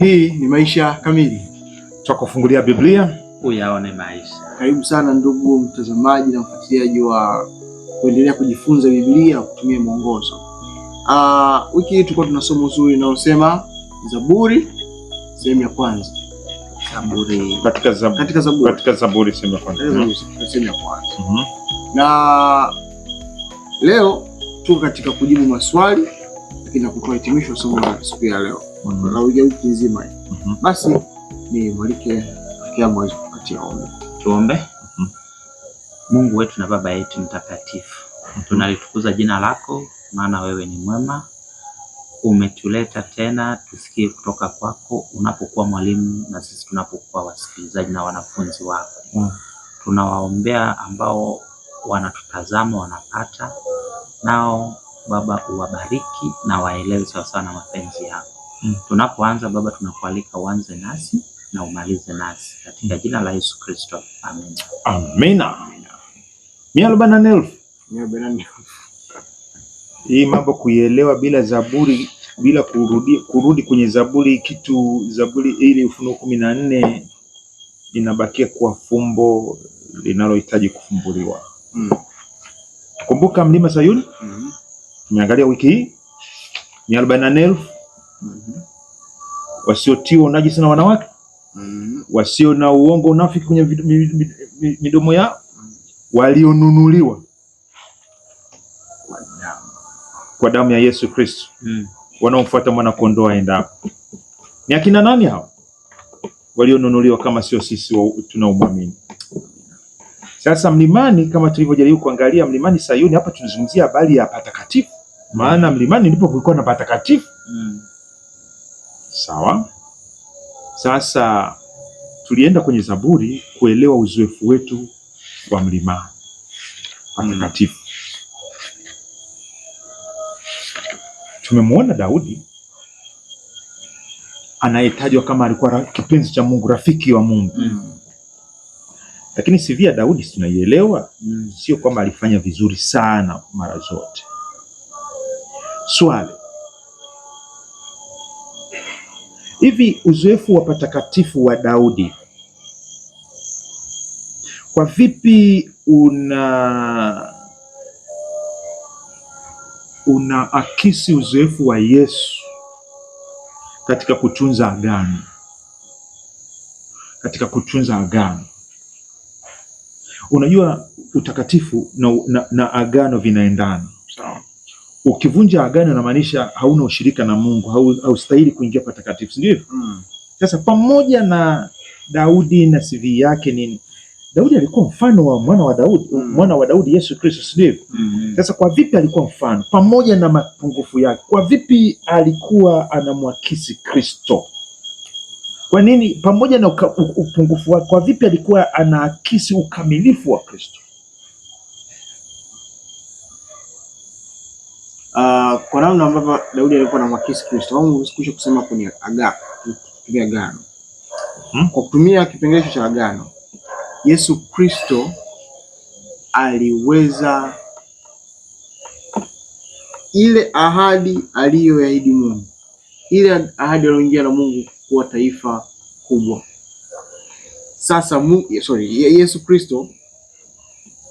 Hii ni Maisha Kamili, twakufungulia Biblia uyaone maisha. Karibu sana ndugu mtazamaji na mfuatiliaji wa kuendelea kujifunza Biblia kutumia mwongozo. Uh, wiki hii tulikuwa tuna somo zuri linalosema Zaburi sehemu ya kwanza. Zaburi katika Zaburi, katika Zaburi, katika Zaburi sehemu ya kwanza, mhm. sehemu ya kwanza. Mhm. Na leo tuko katika kujibu maswali lakini na kutoa hitimisho somo la siku ya leo na uja wiki nzima. Mhm. Basi ni mwalike akia mwezi kupatia ombi. Tuombe. Mhm. Mungu wetu na Baba yetu mtakatifu, mhm. tunalitukuza jina lako, maana wewe ni mwema. Umetuleta tena tusikie kutoka kwako, unapokuwa mwalimu na sisi tunapokuwa wasikilizaji na wanafunzi wako. Mm. Tunawaombea ambao wanatutazama wanapata nao, Baba uwabariki na waeleze sawasawa na mapenzi yako. Mm. Tunapoanza Baba, tunakualika uanze nasi na umalize nasi katika jina la Yesu Kristo, amina. Amina. mia arobaini na nne elfu hii mambo kuielewa bila Zaburi, bila kurudi, kurudi kwenye Zaburi kitu Zaburi ili Ufunuo kumi na nne inabakia kuwa fumbo linalohitaji kufumbuliwa. Mm. Kumbuka mlima Sayuni. Mm -hmm. Tumeangalia wiki hii mia arobaini na nne elfu -hmm. wasiotiwa unajisi na wanawake mm -hmm. wasio na uongo unafiki kwenye midomo yao mm-hmm. walionunuliwa kwa damu ya Yesu Kristo mm. wanaomfuata mwana kondoo aendapo ni akina nani hao walionunuliwa kama sio sisi tunaomwamini? Sasa mlimani, kama tulivyojaribu kuangalia mlimani Sayuni, hapa tunazungumzia habari ya patakatifu, maana mlimani ndipo kulikuwa na patakatifu Sawa. Sasa tulienda kwenye Zaburi kuelewa uzoefu wetu wa mlima patakatifu. Tumemwona Daudi anayetajwa kama alikuwa kipenzi cha Mungu, rafiki wa Mungu mm. Lakini sivia ya Daudi tunaielewa mm. Sio kwamba alifanya vizuri sana mara zote. Swali, Hivi uzoefu wa patakatifu wa Daudi kwa vipi una akisi uzoefu wa Yesu katika kutunza agano, katika kutunza agano. Unajua utakatifu na, na, na agano vinaendana, sawa? ukivunja agano inamaanisha hauna ushirika na Mungu, haustahili kuingia patakatifu, si ndivyo? Hmm. Sasa mm. pamoja na Daudi na CV yake nini, Daudi alikuwa mfano wa mwana wa Daudi mm. mwana wa Daudi Yesu Kristo, si ndivyo? mm. Sasa kwa vipi alikuwa mfano pamoja na mapungufu yake? Kwa vipi alikuwa anamwakisi Kristo? Kwa nini pamoja na upungufu wake, kwa vipi alikuwa anaakisi ukamilifu wa Kristo? Ah, kwa namna ambavyo Daudi alikuwa mwakisi Kristo, au usikushe kusema kwenye agano, kutumia agano hmm? Kwa kutumia kipengele cha agano, Yesu Kristo aliweza ile ahadi aliyoahidi Mungu, ile ahadi aliyoingia na Mungu kuwa taifa kubwa. Sasa mu, sorry, Yesu Kristo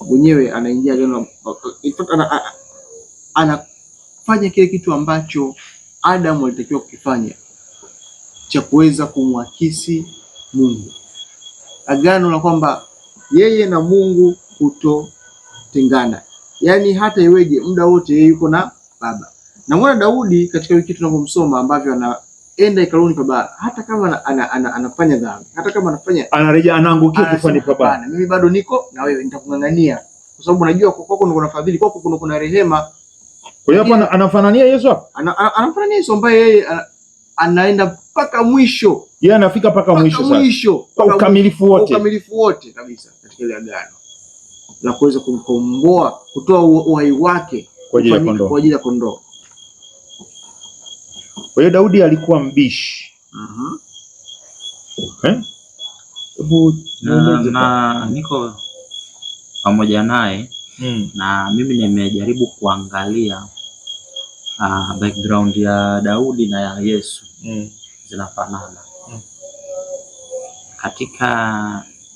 mwenyewe anaingia agano, ana, ana, ana, kufanya kile kitu ambacho Adamu alitakiwa kukifanya cha kuweza kumwakisi Mungu, agano la kwamba yeye na Mungu kutotengana, yaani hata iweje, muda wote yeye yuko na Baba. Na mwana Daudi katika wiki tunavyomsoma ambavyo anaenda ikaluni kwa Baba, hata kama ana, ana, anafanya dhambi, hata kama anafanya anarejea, anaangukia kufani kwa Baba, mimi bado niko na wewe, nitakung'ang'ania kwa sababu najua kwako kuna fadhili, kwako kuna rehema kwa hiyo hapa anamfanania Yesu hapa? Anamfanania Yesu ambaye yeye anaenda mpaka mwisho. Yeye anafika mpaka mwisho sasa. Mwisho. Kwa ukamilifu wote. Kwa Ukamilifu wote kabisa katika ile agano. Na kuweza kumkomboa, kutoa uhai wake kwa ajili ya kondoo. Kwa ajili ya kondoo. Kwa hiyo Daudi alikuwa mbishi. Mhm. Eh? Na, na niko pamoja naye mm. Na mimi nimejaribu kuangalia uh, background ya Daudi na ya Yesu mm. zinafanana mm. katika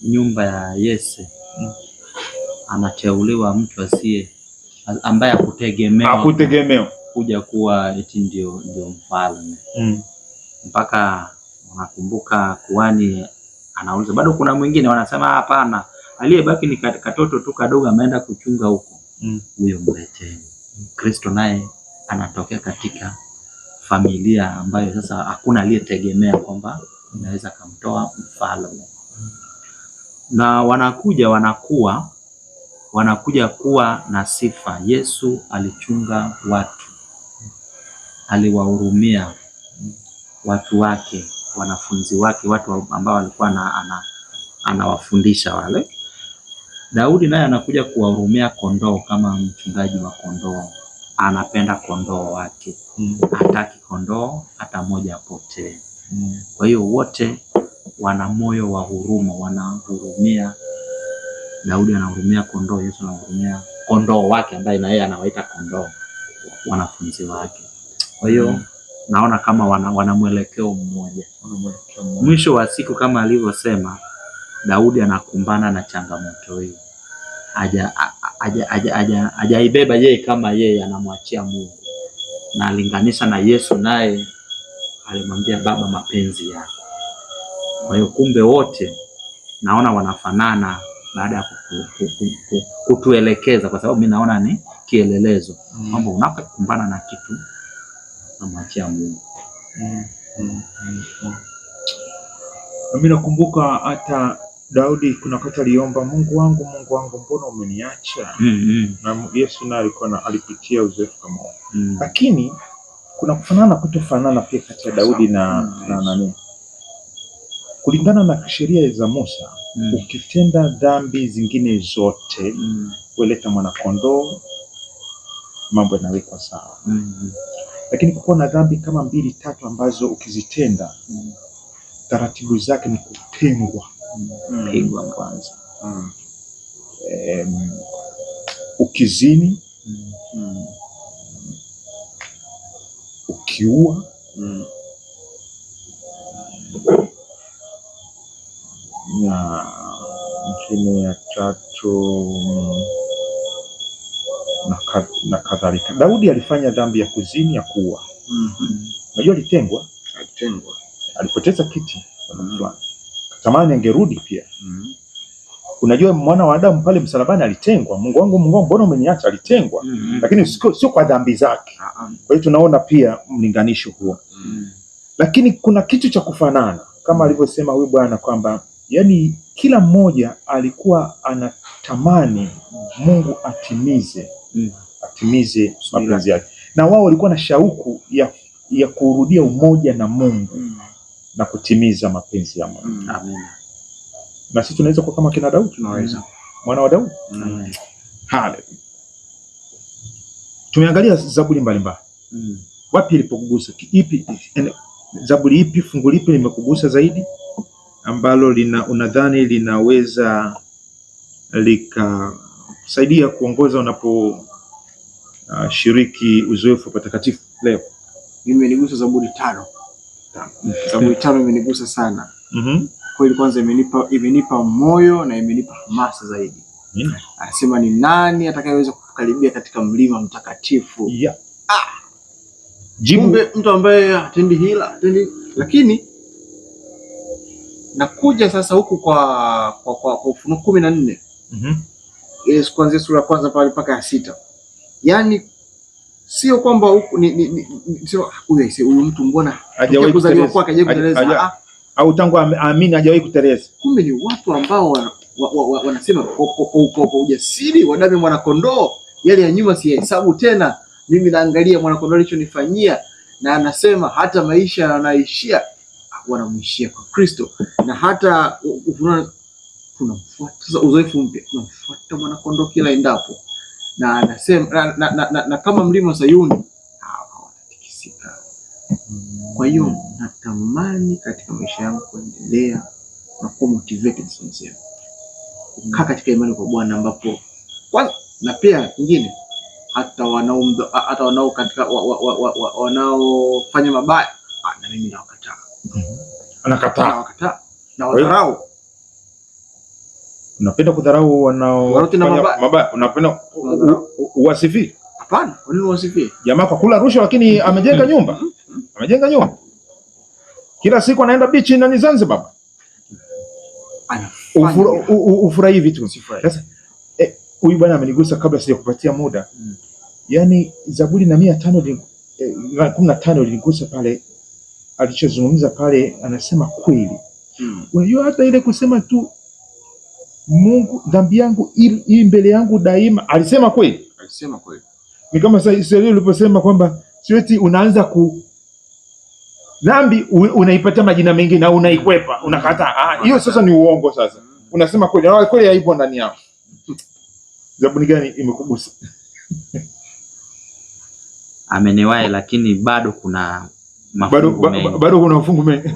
nyumba ya Yese mm. anateuliwa mtu asiye ambaye hakutegemewa hakutegemewa kuja kuwa eti ndio ndio mfalme mm. mpaka unakumbuka kuani anauliza bado kuna mwingine, wanasema hapana, aliyebaki ni katoto tu kadogo, ameenda kuchunga huko, mm. huyo mm. mleteni. Kristo naye anatokea katika familia ambayo sasa hakuna aliyetegemea kwamba inaweza akamtoa mfalme, na wanakuja wanakuwa wanakuja kuwa na sifa. Yesu alichunga watu, aliwahurumia watu wake, wanafunzi wake, watu ambao alikuwa ana, anawafundisha wale. Daudi naye anakuja kuwahurumia kondoo kama mchungaji wa kondoo anapenda kondoo wake mm. Hataki kondoo hata moja apotee mm. Kwa hiyo wote wana moyo wa huruma, wanahurumia Daudi, anahurumia kondoo, Yesu anahurumia kondoo wake ambaye na yeye anawaita kondoo wanafunzi wake. Kwa hiyo mm. naona kama wana, wana mwelekeo mmoja Mwisho wa siku kama alivyosema Daudi anakumbana na changamoto hii hajaibeba yeye kama yeye, anamwachia Mungu na alinganisha na Yesu, naye alimwambia Baba, mapenzi yako. Kwa hiyo kumbe wote naona wanafanana baada ya kutuelekeza, kwa sababu mi naona ni kielelezo mm. kwamba mm. unapokumbana na kitu namwachia Mungu mm. mm. mm. mm. Mimi nakumbuka hata Daudi kuna wakati aliomba Mungu wangu, Mungu wangu, mbona umeniacha? mm -hmm. Na Yesu naye alikuwa alipitia uzoefu kama huo mm. Lakini kuna kufanana kutofanana pia kati ya Daudi na na nani, kulingana na sheria za Musa mm. ukitenda dhambi zingine zote mm. weleta mwanakondoo, mambo yanawekwa sawa mm -hmm. Lakini kukuwa na dhambi kama mbili tatu ambazo ukizitenda mm. taratibu zake ni kutengwa kupigwa kwanza. mm. Um, ukizini mm. ukiua mm. na ingine ya tatu mm, na kadhalika. Daudi alifanya dhambi ya kuzini, ya kuua. Mm-hmm. Unajua, mm -hmm. alitengwa, alitengwa, alipoteza kiti mm -hmm tamani angerudi pia mm Unajua mwana wa Adamu pale msalabani alitengwa. Mungu wangu, Mungu wangu, mbona umeniacha? Alitengwa mm -hmm. Lakini sio, sio kwa dhambi zake uh -huh. Kwa hiyo tunaona pia mlinganisho huo mm Lakini kuna kitu cha kufanana kama mm-hmm. alivyosema huyu bwana kwamba yani kila mmoja alikuwa anatamani Mungu atimize mm atimize mapenzi yake, na wao walikuwa na shauku ya, ya kurudia umoja na Mungu mm na kutimiza mapenzi ya Mungu. Mm. Amina. Na sisi tunaweza kuwa kama kina Daudi, tunaweza mwana wa Daudi. Mm. Haleluya. Tumeangalia Zaburi mbalimbali. Mm. Wapi ilipokugusa? Ipi Zaburi ipi fungu lipi limekugusa zaidi ambalo lina unadhani linaweza likasaidia kuongoza unapo uh, shiriki uzoefu patakatifu leo? Mimi niligusa Zaburi tano. Sababu tano imenigusa sana mm -hmm. Kweli kwanza imenipa, imenipa moyo na imenipa hamasa zaidi mm Anasema ni nani atakayeweza kukaribia katika mlima mtakatifu yeah. ah. Jimbe mtu ambaye hatendi hila hatendi, lakini nakuja sasa huku kwa kwa, kwa, kwa Ufunuo kumi na nne mm -hmm. Yes, kuanzia sura ya kwanza pale mpaka ya sita, yaani sio kwamba huku ni, ni, ni, huyu mtu mbona kuzaliwa kwa kaje kuteleza au tangu aamini hajawahi kuteleza. Kumbe ni watu ambao wanasema wa, wa, wa, wa kwa ujasiri mwana mwanakondoo, yale ya nyuma siyahesabu tena, mimi naangalia mwanakondoo alichonifanyia, na anasema hata maisha yanaishia, ah, wanamuishia kwa Kristo, na hata uzoefu mpya mwana kondoo kila endapo na anasema na, na, na, na, na kama mlima Sayuni wanatikisika. Kwa hiyo natamani katika maisha yangu kuendelea na kuwa motivated sana kukaa katika imani kwa Bwana, ambapo kwanza na pia nyingine hata wanao hata wanao katika wanaofanya mabaya na mimi nawakataa, anakataa, anakataa na wadharau Unapenda kudharau wanaofanya mabaya, unapenda uwasifi. Hapana, kwa nini uwasifi? Jamaa kwa kula rushwa, lakini amejenga nyumba, mm, mm, mm. amejenga nyumba, kila siku anaenda beach na ni Zanzibar, baba, ufurahi vitu. Sasa eh, huyu bwana amenigusa kabla sijakupatia muda, yaani Zaburi na mia tano eh, kumi na tano linigusa pale alichozungumza pale, anasema kweli. Hmm. Unajua hata ile kusema tu Mungu, dhambi yangu hii mbele yangu daima. Alisema kweli, alisema kweli. Ni kama Israeli uliposema kwamba sio unaanza ku dhambi unaipatia majina mengi na unaikwepa, unakataa. Ah, hiyo sasa ni uongo. Sasa unasema kweli, na kweli haipo ndani yako. Zabuni gani imekugusa? amenewae lakini bado kuna mafungu bado kuna mafungu mengi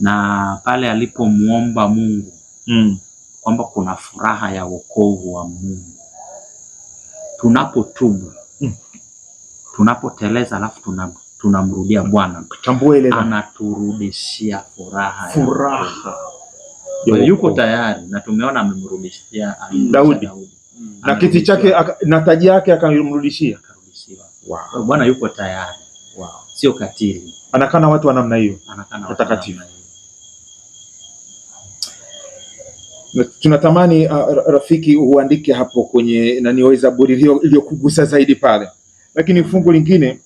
na pale alipomwomba Mungu mm. kwamba kuna furaha ya wokovu wa Mungu tunapotubu mm. tunapoteleza, alafu tunam, tunamrudia Bwana, anaturudishia furaha, furaha ya yuko tayari, na tumeona amemrudishia Daudi na kiti chake na taji yake akamrudishia. Bwana yuko tayari wow. Sio katili, anakana watu wa namna hiyo hiyo. tunatamani uh, rafiki uandike hapo kwenye nani Zaburi iliyokugusa zaidi pale. Lakini fungu lingine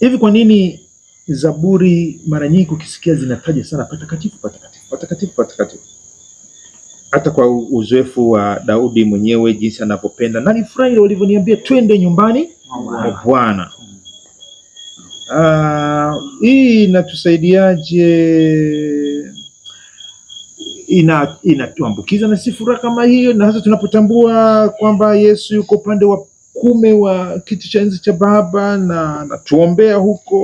hivi, kwa nini Zaburi mara nyingi ukisikia zinataja sana patakatifu patakatifu patakatifu patakatifu? Hata kwa uzoefu wa Daudi mwenyewe jinsi anavyopenda, nalifurahi walivyoniambia twende nyumbani mwa Bwana. Ah, hii inatusaidiaje? inatuambukiza na si furaha kama hiyo. Na hasa tunapotambua kwamba Yesu yuko upande wa kume wa kiti cha enzi cha Baba na anatuombea huko,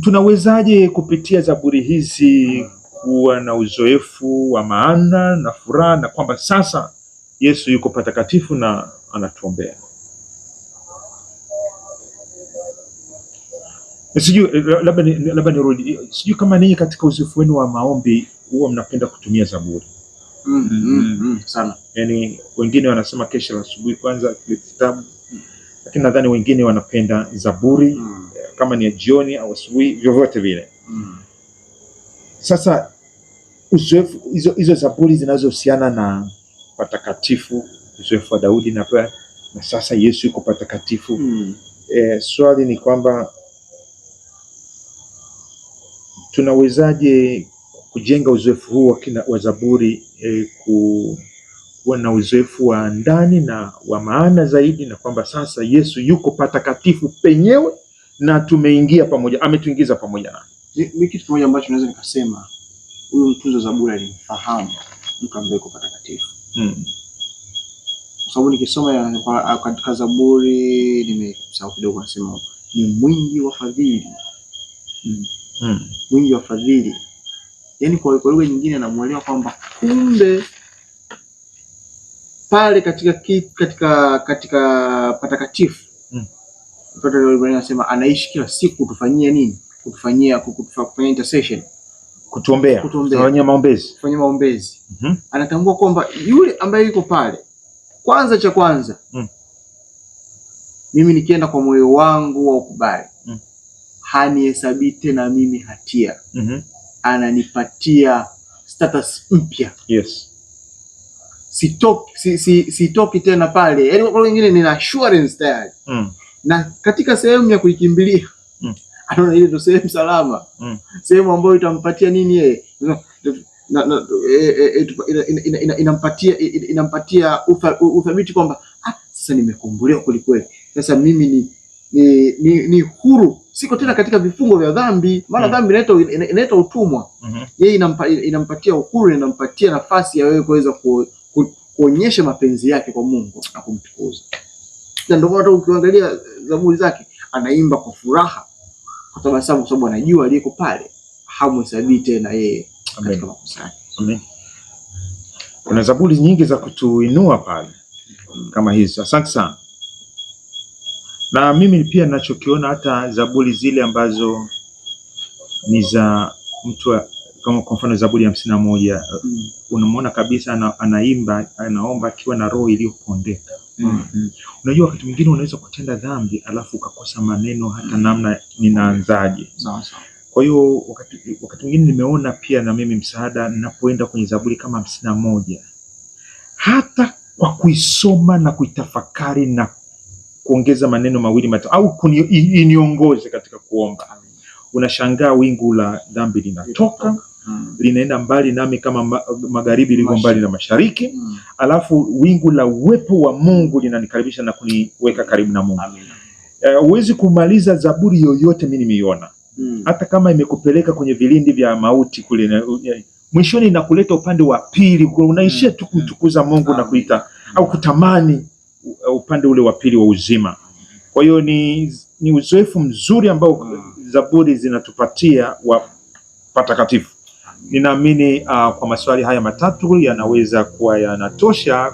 tunawezaje kupitia zaburi hizi kuwa na uzoefu wa maana na furaha, na kwamba sasa Yesu yuko patakatifu na anatuombea. Sijui eh, labda labda nirudi, eh, sijui kama ninyi katika uzoefu wenu wa maombi huwa mnapenda kutumia Zaburi. mm -hmm, mm sana. Yani wengine wanasema kesha la asubuhi kwanza kile kitabu, lakini nadhani wengine wanapenda Zaburi mm eh, kama ni jioni au asubuhi, vyovyote vile mm Sasa uzoefu hizo hizo Zaburi zinazohusiana na patakatifu, uzoefu wa Daudi na pia na sasa Yesu yuko patakatifu mm E, swali ni kwamba tunawezaje kujenga uzoefu huu wa Zaburi eh, ku kuwa na uzoefu wa ndani na wa maana zaidi, na kwamba sasa Yesu yuko patakatifu penyewe na tumeingia pamoja, ametuingiza pamoja naye. Mimi kitu kimoja ambacho naweza nikasema huyu mtunzo Zaburi alimfahamu mtu ambaye yuko patakatifu mm. Kwa sababu nikisoma katika Zaburi nimesahau kidogo, nasema ni mwingi wa fadhili mm mm. wingi wa fadhili, yaani kwa lugha nyingine anamuelewa kwamba kumbe pale katika katika katika patakatifu mm. anasema anaishi kila siku kutufanyia nini? Kutufanyia kutufanyia intercession kutuombea, kufanyia maombezi, kufanya maombezi mm -hmm. Anatambua kwamba yule ambaye yuko pale, kwanza cha kwanza mm. mimi nikienda kwa moyo wangu wa ukubali hanihesabii tena mimi hatia mm -hmm. Ananipatia status mpya yes. Sitoki, si, si, sitoki tena pale, yaani kwa wengine nina assurance tayari mm. Na katika sehemu ya kuikimbilia mm. Anaona ile ndio sehemu salama mm. Sehemu ambayo itampatia nini yeye inampatia inampatia uthabiti kwamba ah, sasa nimekumbuliwa kwelikweli, sasa mimi ni ni, ni, ni huru, siko tena katika vifungo vya dhambi, maana mm. dhambi inaitwa utumwa mm -hmm. Yeye inampa, inampatia uhuru, inampatia nafasi ya wewe kuweza kuonyesha mapenzi yake kwa Mungu na kumtukuza. Na ndio hata ukiangalia eh, zaburi zake anaimba kwa furaha, kwa tabasamu, kwa sababu anajua aliyeko pale hamhesabii tena yeye katika makosa yake. Amen. Kuna zaburi nyingi za kutuinua pale kama hizo. Asante sana na mimi pia ninachokiona hata zaburi zile ambazo ni za mtu kama kwa mfano Zaburi hamsini na moja mm. unamwona kabisa ana, anaimba anaomba akiwa na roho iliyopondeka mm -hmm. Unajua, wakati mwingine unaweza kutenda dhambi alafu ukakosa maneno hata mm-hmm. namna ninaanzaje. Kwa hiyo wakati, wakati mwingine nimeona pia na mimi msaada ninapoenda kwenye Zaburi kama hamsini na moja hata kwa kuisoma na kuitafakari na kuongeza maneno mawili matatu au iniongoze katika kuomba. Unashangaa wingu la dhambi linatoka Hmm. Linaenda mbali nami kama magharibi ilivyo mbali na mashariki hmm. Alafu wingu la uwepo wa Mungu linanikaribisha na kuniweka karibu na Mungu. Eh, huwezi uh, kumaliza Zaburi yoyote mimi nimeiona hmm. Hata kama imekupeleka kwenye vilindi vya mauti kule, eh, mwishoni inakuleta upande wa pili, unaishia tu hmm. kumtukuza Mungu Amin. na kuita au kutamani Uh, upande ule wa pili wa uzima. Kwa hiyo ni, ni uzoefu mzuri ambao mm. Zaburi zinatupatia wa patakatifu. Ninaamini uh, kwa maswali haya matatu yanaweza kuwa yanatosha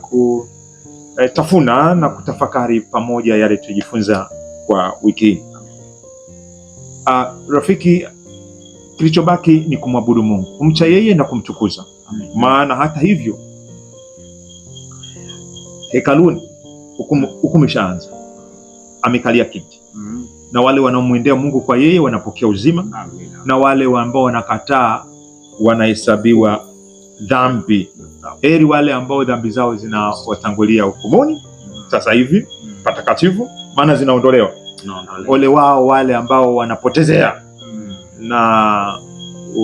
kutafuna uh, na kutafakari pamoja yale tujifunza kwa wiki hii. Uh, rafiki, kilichobaki ni kumwabudu Mungu, kumcha yeye na kumtukuza, maana hata hivyo hekaluni hukumu mm. imeshaanza, amekalia kiti mm na wale wanaomwendea Mungu kwa yeye wanapokea uzima Amina. na wale ambao wanakataa wanahesabiwa dhambi. Heri wale ambao dhambi zao zinawatangulia hukumuni mm. sasa hivi mm. patakatifu, maana zinaondolewa. Ole wao wale ambao wanapotezea mm. na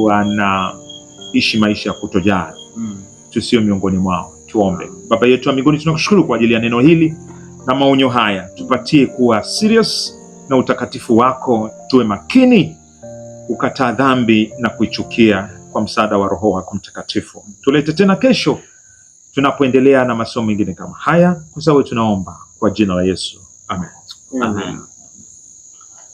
wanaishi maisha ya kutojali mm. tusio miongoni mwao Tuombe. Baba yetu wa mbinguni, tunakushukuru kwa ajili ya neno hili na maonyo haya, tupatie kuwa serious na utakatifu wako, tuwe makini kukataa dhambi na kuichukia, kwa msaada wa Roho wako Mtakatifu. Tulete tena kesho tunapoendelea na masomo mengine kama haya, kwa sababu tunaomba kwa jina la Yesu, amen. Amen.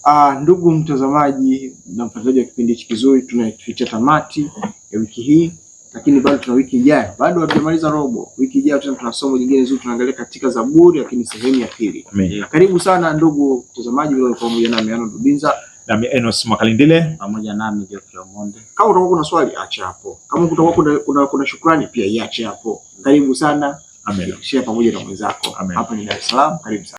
Ah, ndugu mtazamaji na mfuatiliaji wa kipindi hiki kizuri, tunafikia tamati ya wiki hii lakini bado tuna wiki ijayo, bado hatujamaliza robo. Wiki ijayo tena tuna somo jingine zuri, tunaangalia katika Zaburi, lakini sehemu ya pili. Karibu sana ndugu mtazamaji, vile pamoja na Meano Dubinza na Enos Makalindile pamoja nami Geoffrey Omonde. Kama utakuwa kuna swali acha hapo, kama utakuwa kuna, kuna, kuna shukrani pia iache hapo. Karibu sana, amen. Share pamoja na mwenzako. Hapa ni Dar es Salaam, karibu sana.